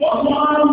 وقالوا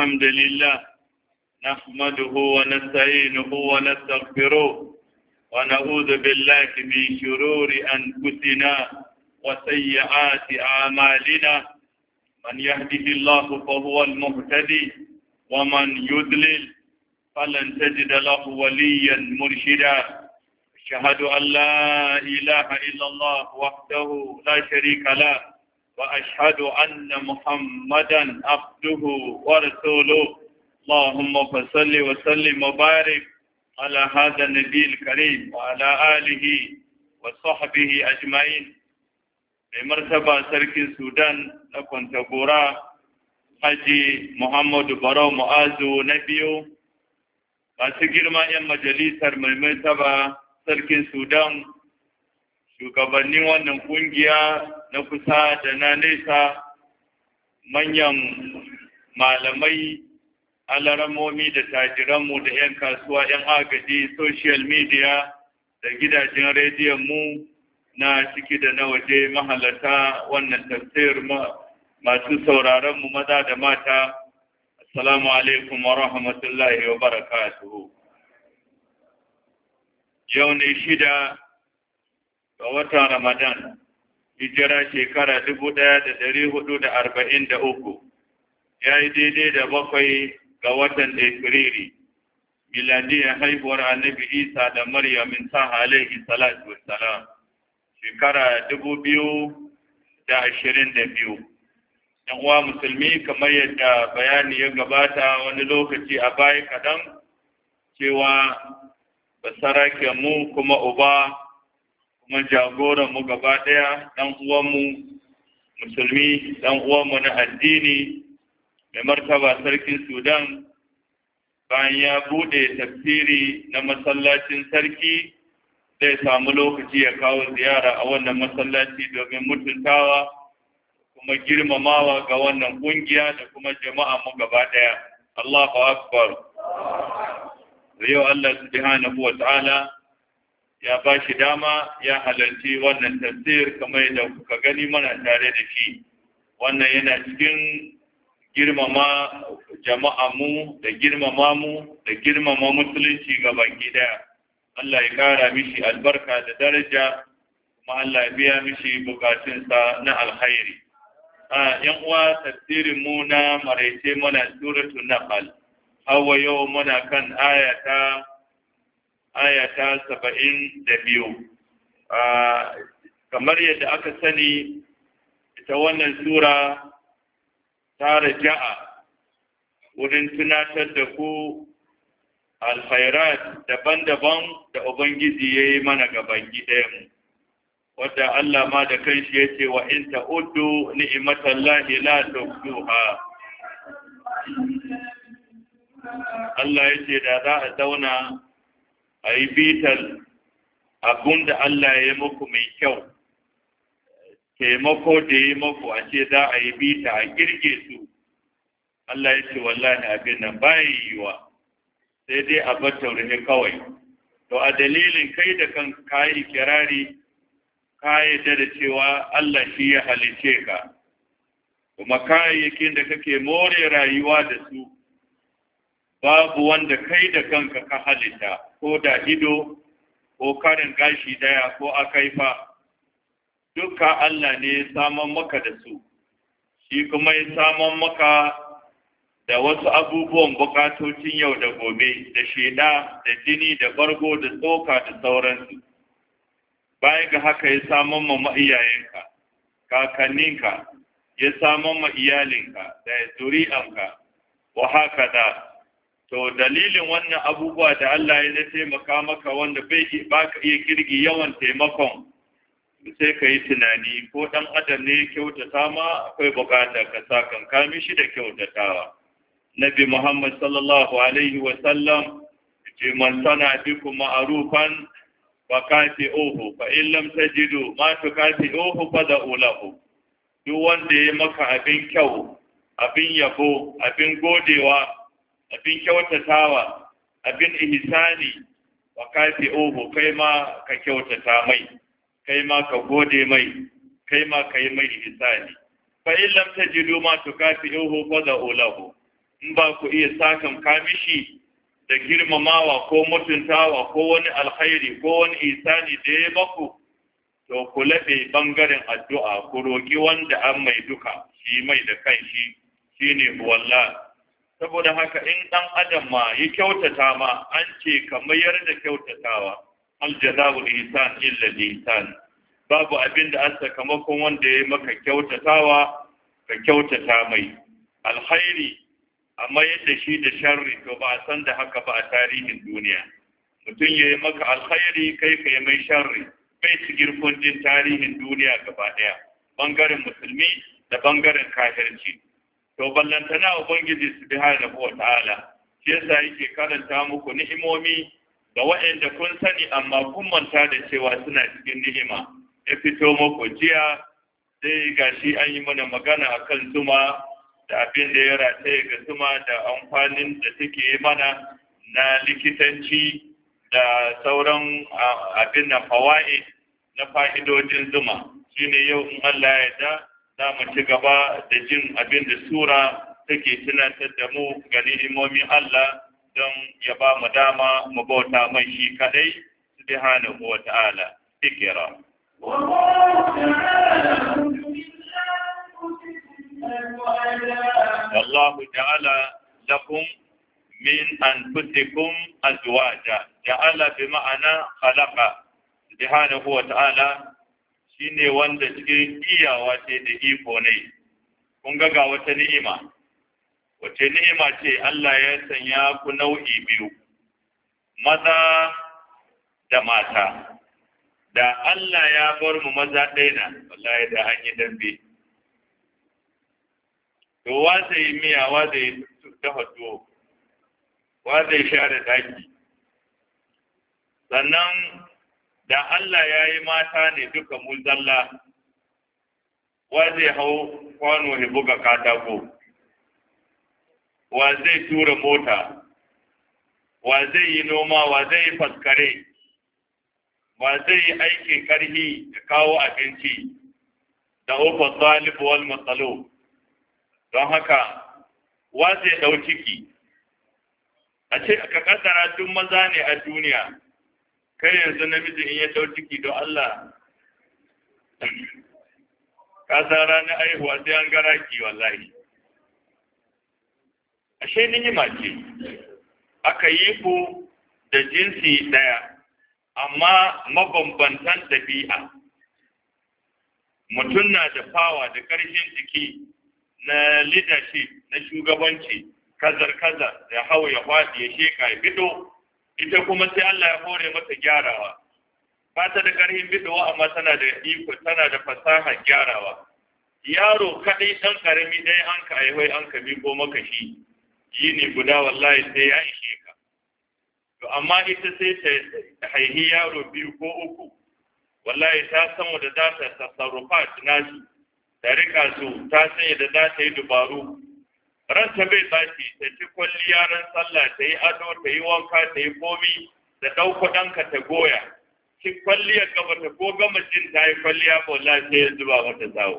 الحمد لله نحمده ونستعينه ونستغفره ونعوذ بالله من شرور أنفسنا وسيئات أعمالنا من يهده الله فهو المهتدي ومن يذلل فلن تجد له وليا مرشدا أشهد أن لا إله إلا الله وحده لا شريك له وأشهد أن محمدا عبده ورسوله اللهم فصل وسلم وبارك على هذا النبي الكريم وعلى آله وصحبه أجمعين لمرتبة سرك السودان لكن تقورا حجي محمد برو معازو نبيو masu girma 'yan majalisar mai martaba sarkin sudan shugabannin wannan kungiya na kusa da na nesa manyan malamai alaramomi da tajiranmu da 'yan kasuwa 'yan agaji social media da gidajen rediyon mu na ciki da na waje mahalata wannan tafsir masu sauraronmu maza da mata assalamu alaikum wa rahmatullahi wa barakatuhu yau ne shida ga watan ramadan hijira shekara dubu ɗaya da ɗari hudu da arba'in da uku ya yi daidai da bakwai ga watan Efiriri, miladiyar haihuwar annabi Isa da Maryamin ta alaihi salatu wassalam shekara dubu biyu da ashirin da biyu. uwa musulmi kamar yadda bayani ya gabata wani lokaci a baya kaɗan cewa basarakenmu kuma uba kuma mu gaba ɗaya ɗan uwanmu musulmi ɗan uwanmu na addini mai martaba sarkin sudan bayan ya buɗe tafsiri na masallacin sarki zai samu lokaci ya kawo ziyara a wannan masallaci domin mutuntawa kuma girmamawa ga wannan ƙungiya, da kuma jama'a mu gaba daya Allahu akbar yau Allah subhanahu wa ta'ala ya ba shi dama ya halarci wannan tafsir kamar yadda kuka gani mana tare da shi wannan yana cikin girmama jama'a mu da girmama mu da girmama musulunci ga baki daya Allah ya kara mishi albarka da daraja kuma Allah ya biya mishi bukatunsa na alkhairi yan uwa tafsirin mu na maraice mana suratul nahl hawa yau muna kan ayata aya ta saba'in da biyu kamar yadda aka sani ta wannan sura ta raja'a wurin tunatar da ku alkhairat daban-daban da ubangiji ya yi mana gaban mu. wadda Allah ma da kanshi ya ce wa in ta'uddu lahi la tuhsuha Allah ya ce da za a zauna a yi bitar abun da Allah ya yi muku mai kyau taimako da ya yi muku a ce za a yi bita a girge su Allah ya ce wallahi abin nan bayan yiwuwa sai dai a bar taurihe kawai to a dalilin kai da kan kayi kirari ka yadda da cewa Allah shi ya halice ka kuma kayayyakin da kake more rayuwa da su babu wanda kai da kanka ka halitta ko da ido ko karin gashi daya ko akaifa duka Allah ne ya saman maka da su shi kuma ya saman maka da wasu abubuwan bukatocin yau da gobe da sheda da jini da bargo da tsoka da sauransu bayan ga haka ya saman ma iyayenka kakanninka ya saman ma iyalinka da zuri'anka wa haka da to dalilin wannan abubuwa da Allah ya na taimaka maka wanda bai ba ka iya kirgi yawan taimakon sai ka yi tunani ko dan adam ne kyautata ma akwai bukatar ka sa kan kami shi da kyautatawa nabi muhammad sallallahu alaihi wa sallam ce man sana bikum ma'rufan fa kafi ohu fa in lam tajidu ma kafi ohu fa da ulahu duk wanda ya maka abin kyau abin yabo abin godewa abin kyautatawa abin ihsani wa kafi ohu kai ma ka kyautata mai kai ma ka gode mai kai ma ka yi mai ihsani fa in lam tajidu ma tukafi ohu fa ulahu in ba ku iya sakan kamishi da girmamawa ko mutuntawa ko wani alkhairi ko wani ihsani da ya baku to ku laɓe bangaren addu'a ku roƙi wanda an mai duka shi mai da kanshi shine wallah saboda haka in ɗan adam ma yi kyautata ma an ce ka mayar da kyautatawa aljaza'ul ihsan illa lisan babu abin da an sakamako wanda ya maka kyautatawa ka kyautata mai alkhairi a mayar da shi da sharri to ba a san da haka ba a tarihin duniya mutum ya yi maka alkhairi kai ka yi mai sharri bai su girkon jin tarihin duniya gaba ɗaya bangaren musulmi da bangaren kafirci to ballantana ubangiji subhanahu ta'ala shi yasa yake karanta muku ni'imomi da waɗanda kun sani amma kun manta da cewa suna cikin ni'ima ya fito muku jiya sai gashi an yi mana magana akan zuma da abin da ya rataye ga zuma da amfanin da take mana na likitanci da sauran abin na fawa'i na fa'idojin zuma shine yau in Allah ya da za mu ci gaba da jin abin da sura take tunatar da mu ga ni'imomin Allah don ya ba mu dama mu bauta mai shi kadai subhanahu wa ta'ala fikira والله جعل لكم من أنفسكم أزواجا جعل بمعنى خلق سبحانه وتعالى ne wanda cikin iyawa ce da iko ne kun ga ga wata ni'ima wace ni'ima ce Allah ya sanya ku nau'i biyu maza da mata da Allah ya bar mu maza ɗaya na wallahi da an yi dambe to wa zai miya wa zai dafa tuwo wa zai share daki sannan da Allah ya yi mata ne duka mulzalla wa zai hau kwano ya buga katako wa zai tura mota wa zai yi noma wa zai yi faskare wa zai yi aikin karhi da kawo abinci da ofa zalibu wal matsalo don haka wa zai dau ciki a ce ka kaddara duk maza ne a duniya kai yanzu namiji in ya dau ciki don Allah ka sa ranar aihuwa sai an gara ki wallahi ashe ni yi mace. aka yi ku da jinsi daya amma mabambantan dabi'a mutum na da fawa da ƙarshen jiki na leadership na shugabanci kazar-kazar ya hau ya faɗi ya sheka ya fito ita kuma sai Allah ya hore mata gyarawa ba ta da ƙarfin bidowa amma tana da iko tana da fasaha gyarawa yaro kaɗai ɗan ƙarami ɗaya an ka aihwai an ka miko maka shi yi ne guda wallahi sai ya ishe ka to amma ita sai ta haihi yaro biyu ko uku wallahi ta san da za ta sarrafa tunashi ta rika su ta san da za ta yi dubaru ranta bai tsaki ta ci kwalliya ran sallah ta yi ado ta yi wanka ta yi komi da ɗauko ɗanka ta goya ci kwalliya gaba ta ko gama jin ta yi kwalliya ko sai ya zuba wata zawo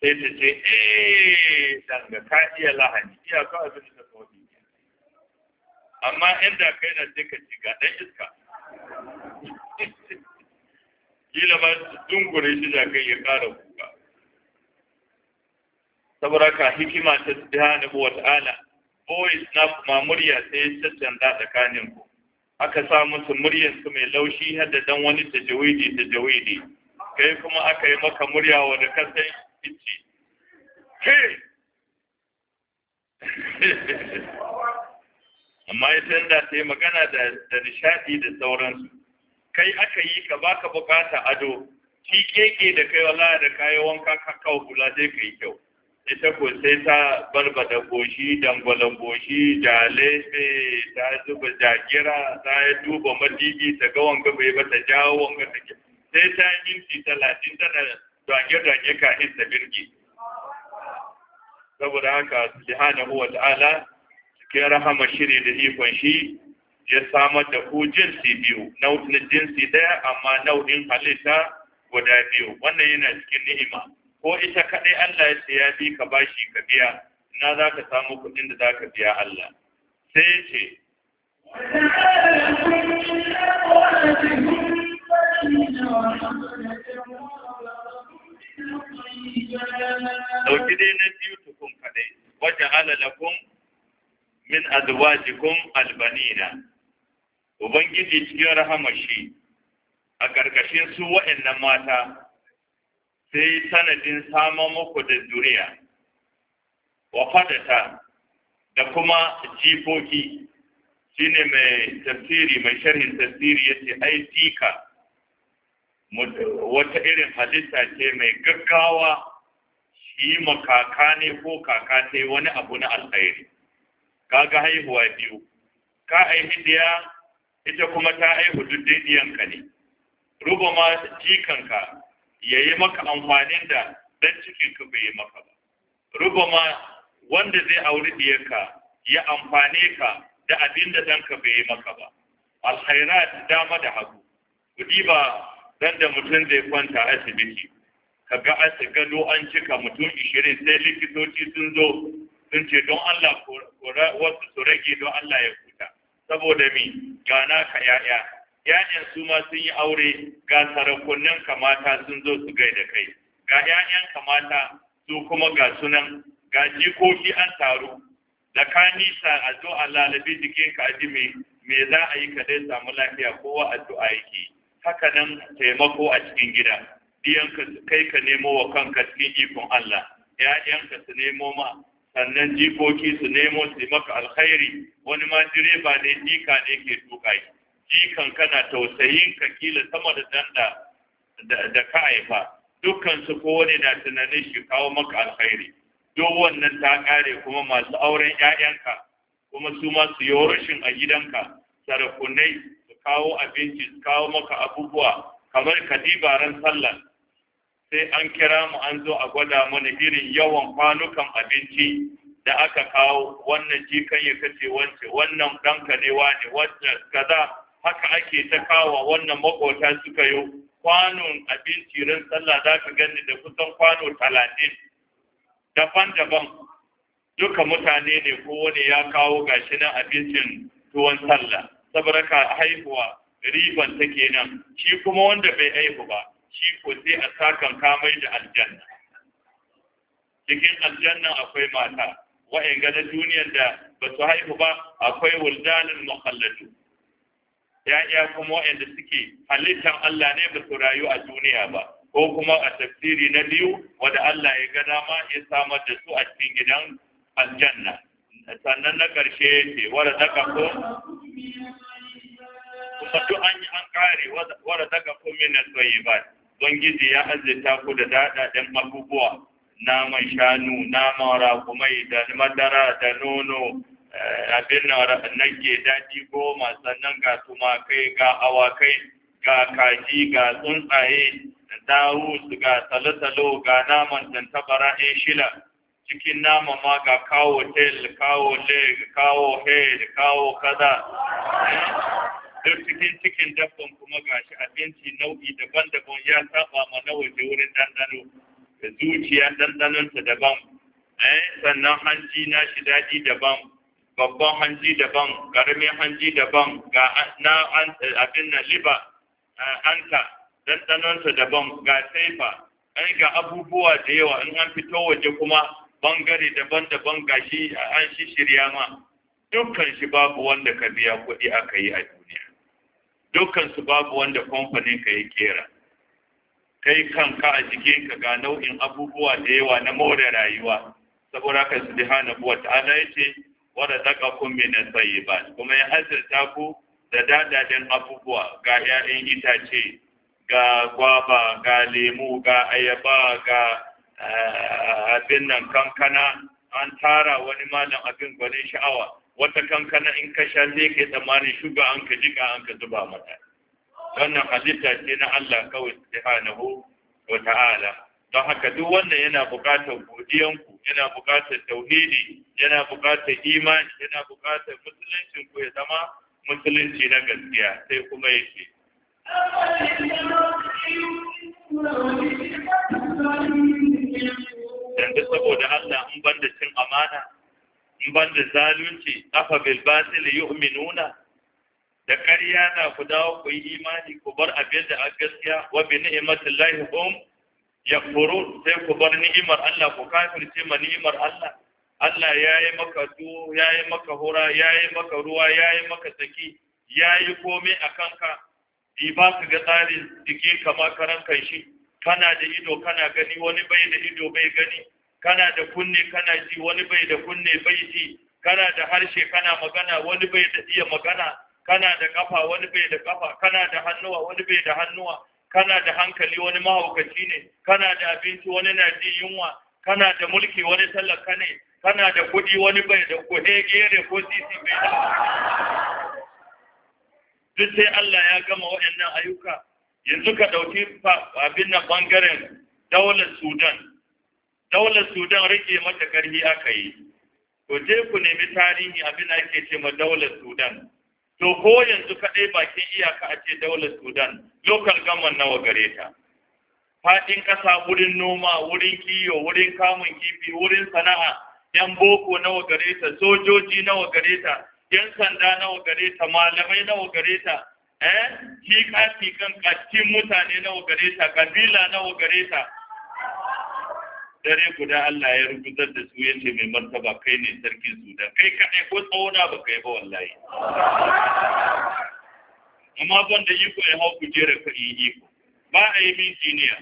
sai ta ce eh danga ka iya lahani iya ka abin da ka wani amma inda kai na sai ka ci ga ɗan iska kila ba dungure shi da kai ya ƙara saboda ka hikima ta subhanahu wata ala. Boys na kuma murya sai ya cancanta tsakanin ku aka sa musu muryarsu su mai laushi da dan wani tajawidi tajawidi kai kuma aka yi maka murya wani ka san kici ke amma ya da ta yi magana da nishadi da sauransu kai aka yi ka baka bukata ado shi keke da kai wala da kayi wanka ka kawo kula sai ka yi kyau ita ko sai ta da goshi dangwalon goshi jalebe ta zuba jagira ta yi duba madigi ta ga wanga bai ba jawo wanga ta sai ta yi minti talatin tana dage-dage kafin ta birge saboda haka subhanahu wa ta'ala ke rahama shiri da ikon shi ya samar da ku jinsi biyu nau'in jinsi daya amma nau'in halitta guda biyu wannan yana cikin ni'ima ko ita kaɗai Allah ya ce ya bi ka bashi ka biya ina za ka samu kuɗin da za ka biya Allah sai ya ce Dauki dai na biyu tukun kaɗai, wajen alalakun min azwajikum albanina. Ubangiji cikin rahama shi a ƙarƙashin su waɗannan mata sai sanadin samun muku da zuriya wa fadata da kuma jikoki shine mai tafsiri mai sharhin tafsiri yace ai tika wata irin halitta ce mai gaggawa shi makaka ne ko kaka ce wani abu na alkhairi kaga haihuwa biyu ka aihi ita kuma ta aihu duk diyanka ne rubama jikanka ya yi maka amfanin da dan cikin ka bai yi maka ba ma wanda zai auri ka ya amfane ka da abin da ɗanka bai yi maka ba alkhairat dama da hagu kudi ba dan da mutum zai kwanta asibiti ka ga a gado an cika mutum ishirin sai likitoci sun zo sun ce don Allah wasu su rage don Allah ya huta saboda mi gana ka ya'ya ‘ya'yan su ma sun yi aure ga sarakunan kamata sun zo su da kai, ga ‘ya'yan kamata su kuma ga sunan, ga jikoki an taru, da ka nisa a zo a lalabi jikin ka ji me za a yi kadai samu lafiya kowa addu'a yake, haka nan taimako a cikin gida, diyanka kai ka nemo wa kanka cikin ikon Allah, ‘ya'yanka su nemo ma sannan jikoki su nemo su maka alkhairi wani ma direba ne jika ne ke tuka jikan kana tausayin ka kila sama da danda da ka haifa dukkan su ko wani na tunanin shi kawo maka alkhairi duk wannan ta kare kuma masu auren ƴaƴanka kuma su ma su yi rashin a gidanka sarakunai su kawo abinci su kawo maka abubuwa kamar kadibaran sallah sai an kira mu an zo a gwada mana irin yawan kwanukan abinci da aka kawo wannan jikan ya kace wance wannan ɗanka ne wane wannan kaza haka ake ta kawo wannan makota suka yi kwanon abinci ran sallah za ka gani da kusan kwano talatin daban-daban duka mutane ne wani ya kawo gashi nan abincin tuwon sallah saboda ka haihuwa riban ta kenan shi kuma wanda bai haihu ba shi ko sai a sakan kamai da aljanna cikin aljanna akwai mata wa'in ga na duniyar da ba su haihu ba akwai wuldanin mukallatu ya'ya kuma waɗanda suke halittar Allah ne ba su rayu a duniya ba ko kuma a tafsiri na biyu wanda Allah ya ga dama ya samar da su a cikin gidan aljanna sannan na ƙarshe ya ce wara daga ko kuma duk an yi an ƙare wara daga ko min ba don gizi ya azzita ku da daɗaɗen abubuwa naman shanu naman rakumai da madara da nono abin nan ke daɗi goma sannan ga tumakai ga awakai ga kaji ga tsuntsaye da dawus ga salo-salo ga naman tantabara in shila cikin nama ma ga kawo tail kawo leg kawo head kawo kaza duk cikin cikin dabban kuma ga shi abinci nau'i daban-daban ya saba ma na waje wurin dandano da zuciya dandanonta daban eh, sannan hanci na shi daɗi daban babban hanji daban ƙaramin hanji daban ga na abin na liba hanta ɗanɗanonsa daban ga saifa ai ga abubuwa da yawa in an fito waje kuma bangare daban-daban ga shi an shi shirya ma dukkan shi babu wanda ka biya kuɗi aka yi a duniya dukkan su babu wanda kamfanin ka ya kera kai kanka a jikinka ga nau'in abubuwa da yawa na more rayuwa saboda haka subhanahu wa ta'ala yace wadda zaka kumbi na tsayi ba kuma ya azurta ku da dadadin abubuwa ga 'ya'yan itace ga gwaba ga lemu ga ayaba ga eh, abin nan kankana an tara wani malam abin gwanin sha'awa wata kankana in ka sha sai ke tsammanin shuga an ka jika an ka zuba mata wannan halitta ce na Allah kawai subhanahu wa ta'ala don haka duk wannan yana buƙatar godiyanku yana buƙatar tauhidi yana buƙatar imani yana buƙatar musulunci ku ya zama musulunci na gaskiya sai kuma yake yanzu saboda Allah in ban da cin amana in ban da zalunci afa bil basil yu'minuna da ƙarya na ku dawo ku yi imani ku bar abin da a gaskiya wa bi ni'matillahi hum yakfurun sai ku bar ni'imar Allah ku kafirce ma ni'imar Allah Allah yayi maka ya yayi maka hura yayi maka ruwa yayi maka saki yayi komai a kanka di ba ka ga tsarin jiki kamar karan kai shi kana da ido kana gani wani bai da ido bai gani kana da kunne kana ji wani bai da kunne bai ji kana da harshe kana magana wani bai da iya magana kana da kafa wani bai da kafa kana da hannuwa wani bai da hannuwa kana da hankali wani mahaukaci ne kana da abinci wani na jin yunwa kana da mulki wani tallaka ne kana da kuɗi wani bai da ko gere, ko sisi bai da duk sai Allah ya gama waɗannan ayyuka yanzu ka ɗauki abin nan bangaren daular Sudan daular Sudan rike mata ƙarfi aka yi to je ku nemi tarihi abin da ake ce ma daular Sudan to ko yanzu kaɗai bakin iyaka a ce daular sudan lokal gaman nawa gare ta faɗin ƙasa wurin noma wurin kiyo wurin kamun kifi wurin sana'a yan boko nawa gare ta sojoji nawa gare ta yan sanda nawa gare ta malamai nawa gare ta eh kika kikan mutane nawa gare ta kabila nawa gare ta dare guda Allah ya rubutar da su yace mai martaba kai ne sarkin Sudan kai kadai ko tsawona ba kai ba wallahi amma ban da iko ya hau kujera ka yi iko ba a yi min jiniya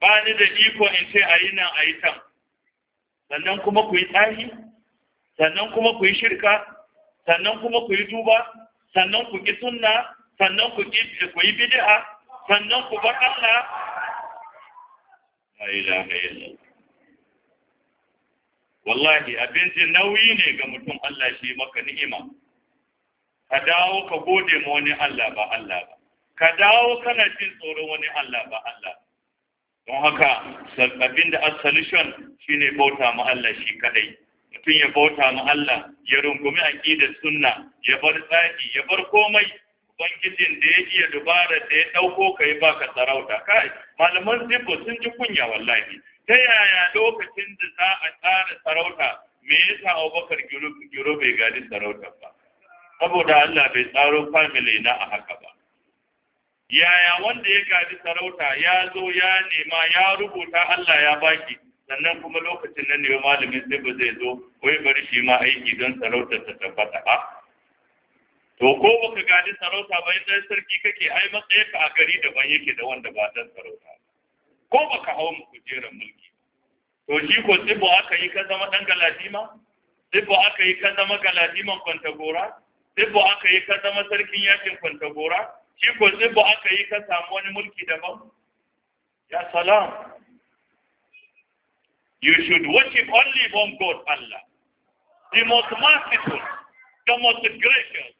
ba ni da iko in ce a yi nan a yi tan sannan kuma ku yi tsahi sannan kuma ku yi shirka sannan kuma ku yi duba sannan ku ki sunna sannan ku yi bid'a sannan ku bar Allah la ilaha illallah wallahi abinci nauyi ne ga mutum Allah shi maka ni'ima ka dawo ka gode ma wani Allah ba Allah ba ka dawo kana jin tsoron wani Allah ba Allah don haka abin da solution shine bauta ma Allah shi kadai mutum ya bauta ma Allah ya rungumi aqidar sunna ya bar tsaki ya bar komai bankijin da ya iya dubara da ya ɗauko ka yi baka sarauta kai malaman zibo sun ji kunya wallahi ta yaya lokacin da za a tsara sarauta me yasa abubakar giro bai gadi sarautar ba saboda Allah bai tsaro family na a haka ba yaya wanda ya gadi sarauta ya zo ya nema ya rubuta Allah ya baki sannan kuma lokacin nan ne malamin zibo zai zo wai bari shi ma aiki don sarautar ta tabbata a ah, to ko baka gani sarauta ba in dan sarki kake ai ka a gari daban yake da wanda ba dan sarauta ko baka hawo mu kujerar mulki to shi ko tsibo aka yi ka zama dan galadima tsibo aka yi ka zama galadiman kwantagora tsibo aka yi ka zama sarkin yakin kwantagora shi ko tsibo aka yi ka samu wani mulki daban ya salam you should worship only one God Allah the most merciful the most gracious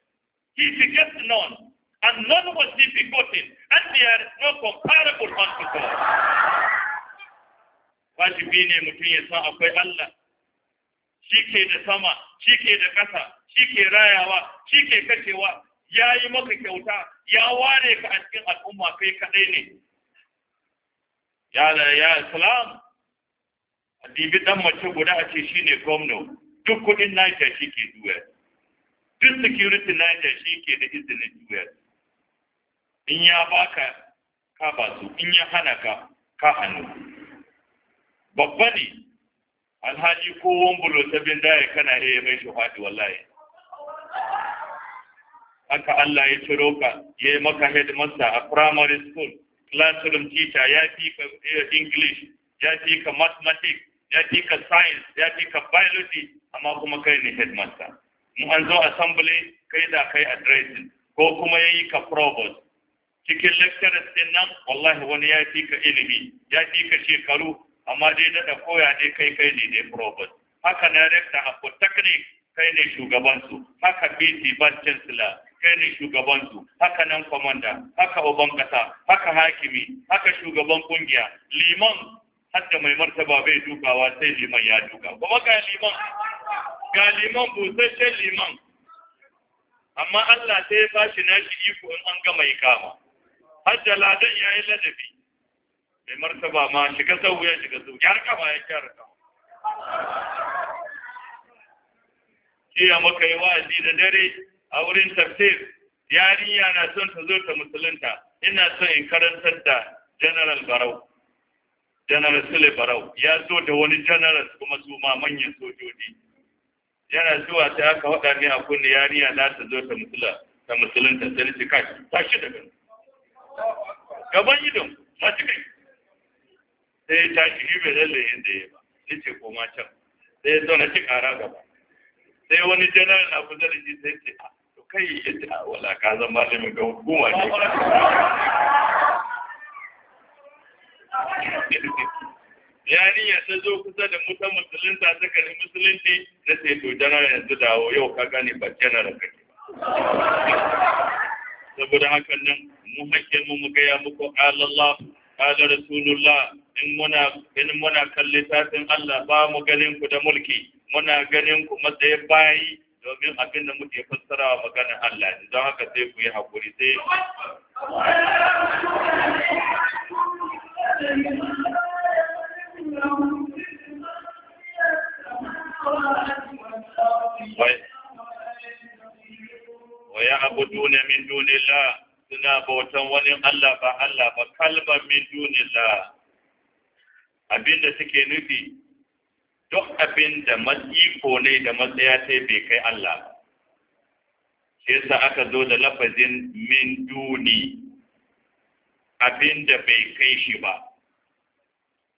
he begat none, and none was he begotten, and they are no comparable unto God. Wajibi ne mutum ya san akwai Allah, shi ke da sama, shi ke da ƙasa, shi ke rayawa, shi ke kashewa, ya yi maka kyauta, ya ware ka a cikin al'umma kai kaɗai ne. Ya ya Islam, a dibi ɗan mace guda a ce shi ne gwamna, duk kuɗin Niger shi ke duwe. duk security naija shi ke da izinin us in ya baka ka ba su in ya hana ka ka hannu babba ne alhaji ko wambulo ta bin daya kana iya mai shi wallahi aka Allah ya ciro ka ya yi maka headmaster a primary school classroom teacher ya fi ka eh, English ya fi ka mathematics ya fi ka science ya fi ka biology amma kuma kai ne headmaster in an zo assembly kai da kai addressing ko kuma yayi ka provost cikin lecturers din nan wallahi wani ya fi ka ilimi ya fi ka shekaru amma dai da koya dai kai kai ne dai provost haka na rector a polytechnic kai ne shugabansu haka bc vice chancellor kai ne shugabansu haka nan commander haka uban kasa haka hakimi haka shugaban kungiya liman hadda mai martaba bai dukawa sai liman ya duka kuma ga liman ga liman busasshen liman amma Allah sai ya bashi nashi iko in an gama ikama hajja ladan yi ladabi mai martaba ma shiga sau ya shiga sau ya kama ya kyara kama jiya maka yi wa'azi da dare a wurin tafsir yarinya na son ta zo ta musulunta ina son in karantar da general barau general sule barau ya zo da wani general kuma su ma manyan sojoji yana zuwa sai aka waɗa ne a kunne yariya za ta zo ta musula ta musulunta sai na ce kai shi daga gaban idon masu kai sai ta tashi shi bai lalle inda ya ba ni ce ma can sai ya zauna ci kara gaba sai wani janar na kusa da shi sai ce to kai ya ta wala ka zan mai ga hukuma ne ya ta zo kusa da mutan musulunta suka ne musulunci na sai to janara yanzu dawo yau ka gane ba janar kake saboda hakan nan mu hakkin mu mu gaya muku alallah ala rasulullah in muna in muna kalli tatin Allah ba mu ganin ku da mulki muna ganin ku matsayin bayi domin abin da muke wa magana Allah ne don haka sai ku yi hakuri sai bautan wani Allah ba Allah ba kalban min dunillah abinda suke nufi duk abinda matsiko ne da matsaya ta bai kai Allah ba shi yasa aka zo da lafazin min duni abinda bai kai shi ba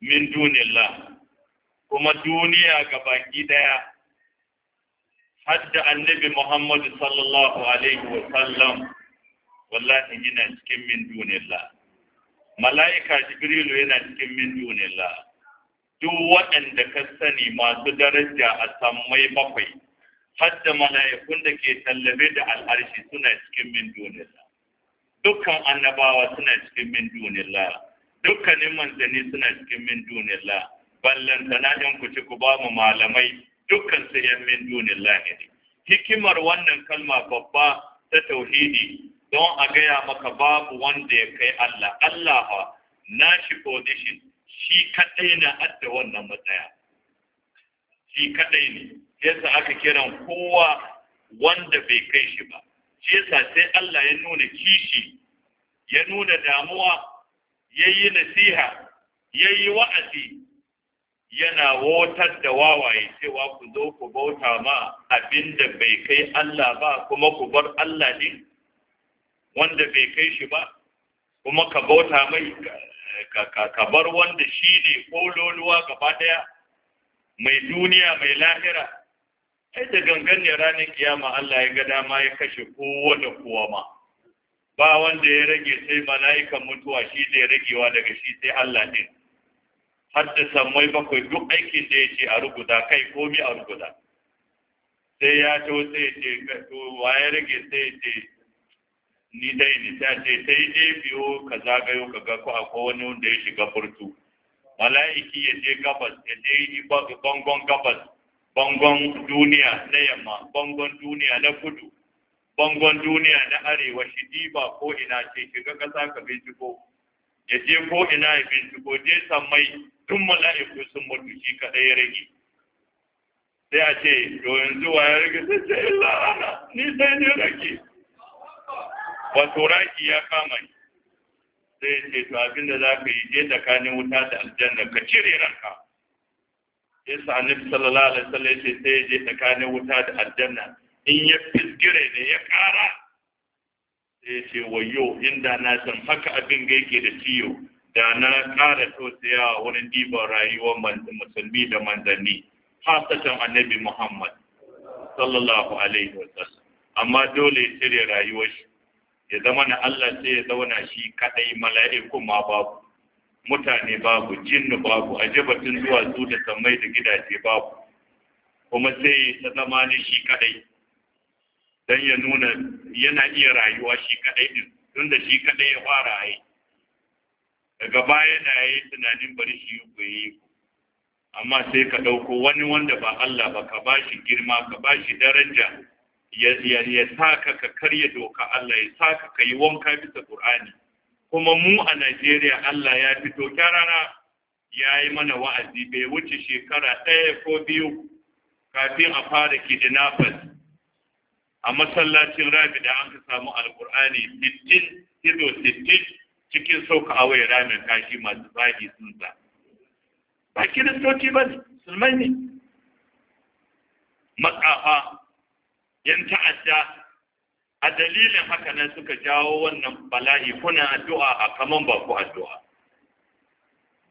min dunillah kuma duniya gaba baki daya hadda annabi Muhammad sallallahu alaihi wa sallam wallahi yana cikin min dunillah mala'ika jibrilu yana cikin min dunillah duk waɗanda ka sani masu daraja a sammai bakwai har da mala'ikun da ke tallabe da al'arshi suna cikin min dunillah dukkan annabawa suna cikin min dunillah dukkanin manzanni suna cikin min dunillah ballantana ɗan ku ci ku ba mu malamai dukkan su ‘yan min dunin ne. Hikimar wannan kalma babba ta tauhidi don a gaya maka babu wanda ya kai Allah Allah fa nashi position shi kaɗai na adda wannan matsaya shi kadai ne yasa aka kiran kowa wanda bai kai shi ba shi yasa sai Allah ya nuna kishi ya nuna damuwa yayi nasiha yayi wa'azi yana wotar da wawaye cewa ku zo ku bauta ma abinda bai kai Allah ba kuma ku bar Allah din wanda bai kai shi ba kuma ka bauta mai ka bar wanda shi ne ƙololuwa gaba ɗaya mai duniya mai lahira ai da gangan ne ranar kiyama Allah ya ga dama ya kashe kowa da kowa ma ba wanda ya rage sai mala'ikan mutuwa shi zai ragewa daga shi sai Allah ne har da sammai bakwai duk aikin da ya ce a ruguda kai komi a ruguda. sai ya to sai ce waye rage sai ce ni dai ni ta ce ta yi dai biyo ka zagayo ka ga ko akwai wani wanda ya shiga furtu mala'iki ya je gabas ya je bangon gabas bangon duniya na yamma bangon duniya na kudu bangon duniya na arewa shi diba ko ina ce shiga ƙasa ka binciko ya je ko ina ya binciko je mai tun mala'iku sun mutu shi kaɗai ya rage sai a ce to yanzu wa ya rage sai sai illa ni sai ne rage wato raki ya kama ni sai ce to abin da za ka yi je tsakanin wuta da aljanna ka cire ranka yasa annabi sallallahu alaihi wasallam ya ce sai je tsakanin wuta da aljanna in ya fiskire ne ya kara sai ce wayo inda na san haka abin ga yake da ciyo da na kara a wurin diban rayuwar musulmi da manzanni hasashen annabi muhammad sallallahu alaihi wasallam amma dole ya cire rayuwar shi ya zama na Allah sai ya zauna shi kadai mala'iku ma babu mutane babu jinnu babu ajabatun zuwa su da sammai da gidaje babu kuma sai ta zama ne shi kadai dan ya nuna yana iya rayuwa shi kadai din tunda shi kadai ya fara ai daga baya da yi tunanin bari shi yi amma sai ka ɗauko wani wanda ba Allah ba ka bashi girma ka bashi daraja ya saka ka karya doka Allah ya saka ka yi wanka bisa Qur'ani kuma mu a Najeriya Allah ya fito kyarara ya yi mana wa'azi bai wuce shekara ɗaya ko biyu kafin a fara kidnappers a masallacin rabi da an ka samu alkur'ani 60 60 cikin sauka awai ramin kashi masu zagi sun za ba kiristoci ba musulmai ne matsafa yan ta'adda a dalilin haka nan suka jawo wannan bala'i kuna addu'a a kaman ba ku addu'a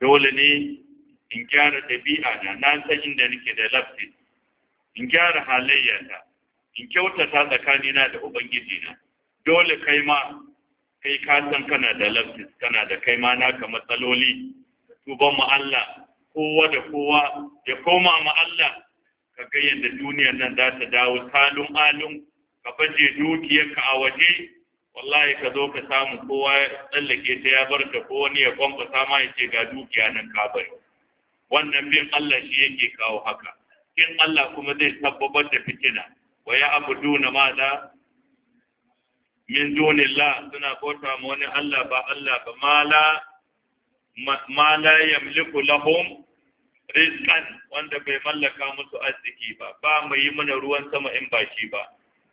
dole ne in gyara ɗabi'a na na san inda nake da lafi in gyara halayya in kyautata tsakanina da ubangiji na dole kai ma kai ka san kana da lafi kana da kai ma naka matsaloli tuban mu Allah kowa da kowa ya koma ma Allah ka ga yadda duniyar nan za ta dawo salun alun ka baje dukiyarka a waje wallahi ka zo ka samu kowa ya tsallake ta ya bar ta ko wani ya kwankwasa ma ya ce ga dukiya nan ka bari wannan bin Allah shi yake kawo haka kin Allah kuma zai tabbabar da fitina wa ya abuduna ma da min dunillah suna kota wani Allah ba Allah ba mala mala yamliku lahum Riskan, wanda bai mallaka musu arziki ba ba mu yi mana ruwan sama in ba ba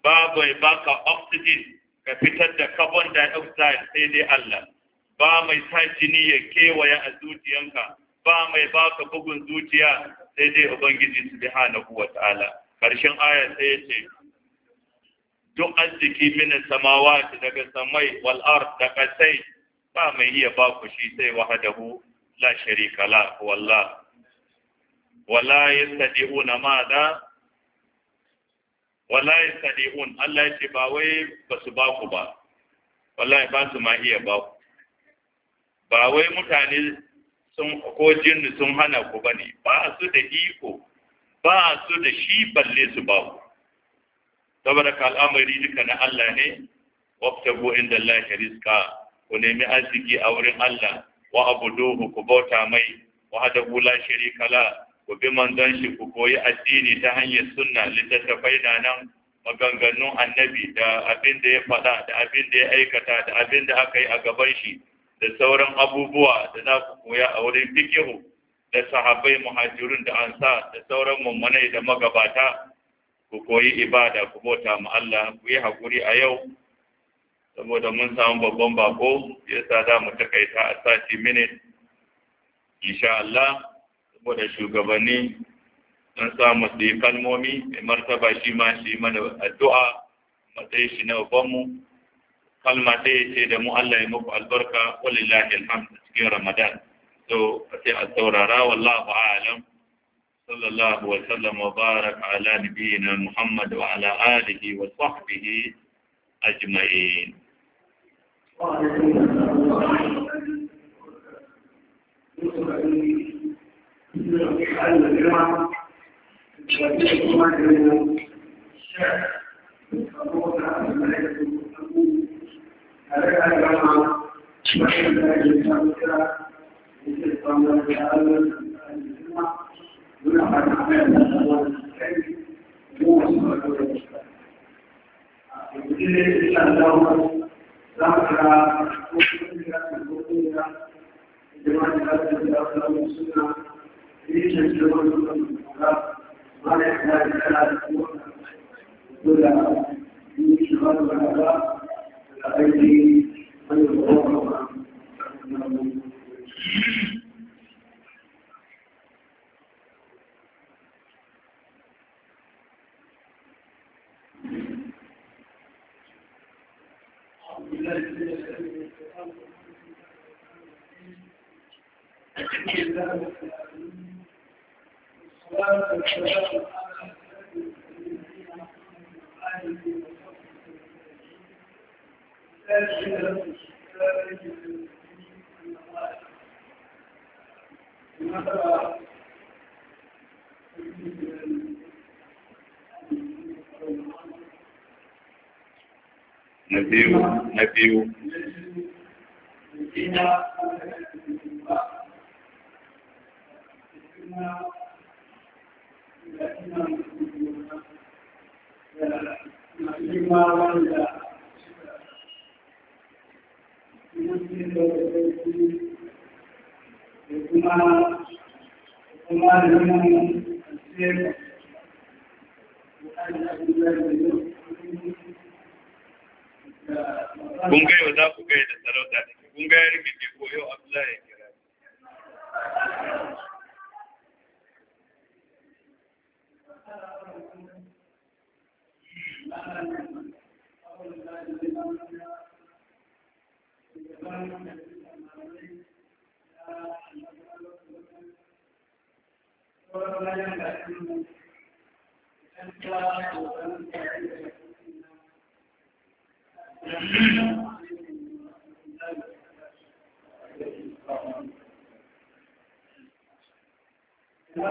ba bai baka oxygen ka fitar da carbon dioxide sai dai Allah ba mai sa jini ya kewaye a zuciyanka ba mai baka bugun zuciya sai dai ubangiji subhanahu wataala karshen aya sai ya ce duk arziki min samawa daga samai wal ard da kasai ba mai iya baku shi sai wahadahu la sharika la wallah wala yastadi'una ma da wala yastadi'un Allah ya ce ba wai ba su ba ku ba wallahi ba su ma iya ba ku ba wai mutane sun ko jinni sun hana ku bane ba su da iko ba su da shi balle su ba ku saboda ka al'amari duka na Allah ne waqtabu inda Allah rizqa ku nemi arziki a wurin Allah wa abuduhu ku bauta mai wa hada la sharika la ku bi manzon shi ku koyi addini ta hanyar sunna littattafai na nan maganganun annabi da abin da ya faɗa da abin da ya aikata da abin da aka yi a gaban shi da sauran abubuwa da za ku koya a wurin fikihu da sahabbai muhajirun da ansa da sauran mummunai da magabata ku koyi ibada ku bauta ma Allah ku yi hakuri a yau saboda mun samu babban bako yasa za mu takaita a sati minutes insha Allah mu da shugabanni don samu su yi kalmomi mai martaba shi ma shi mana addu'a matsayi shi na ubanmu kalma ta yi ce da mu Allah ya muku albarka walillahi alhamd cikin ramadan so sai a saurara wallahu alam sallallahu wa sallam wa baraka ala nabiyina muhammad wa ala alihi wa sahbihi ajma'in القرآن الكريم وفيه كما من الشعر Thank you. Have you? Have Thank you.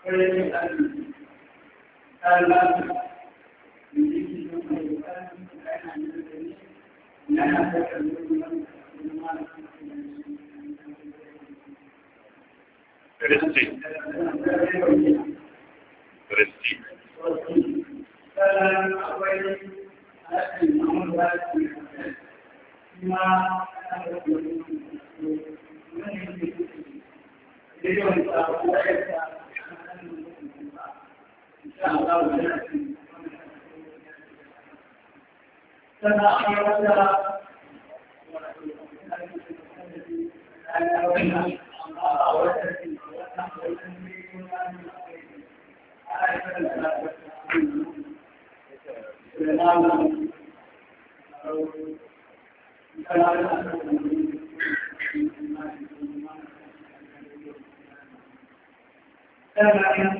Christi. Christi. Thank you. كما أخبرنا Thank you.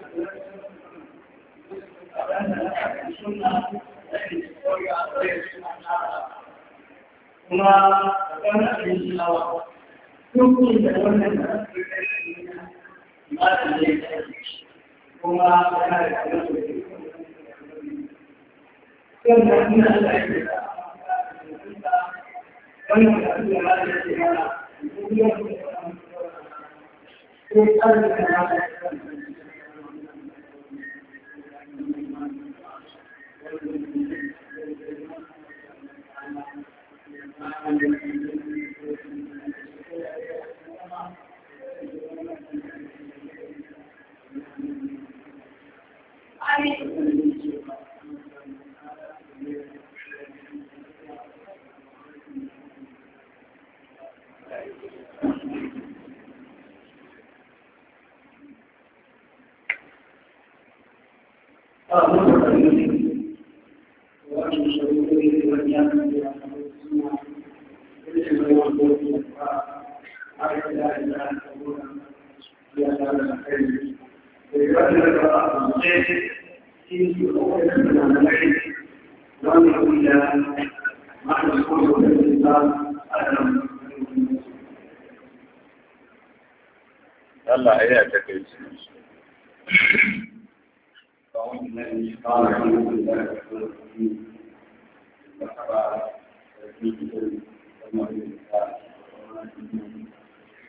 kuma wani abin shinawa dukkan da wannan da aka yi ba da kuma yana da kamar da ke kan da ina da ake da wannan da ake da ya ce mana ko ya da ya وأن شروطه وإياكم بأن Allah ya ta kai su. Thank you.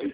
Uh,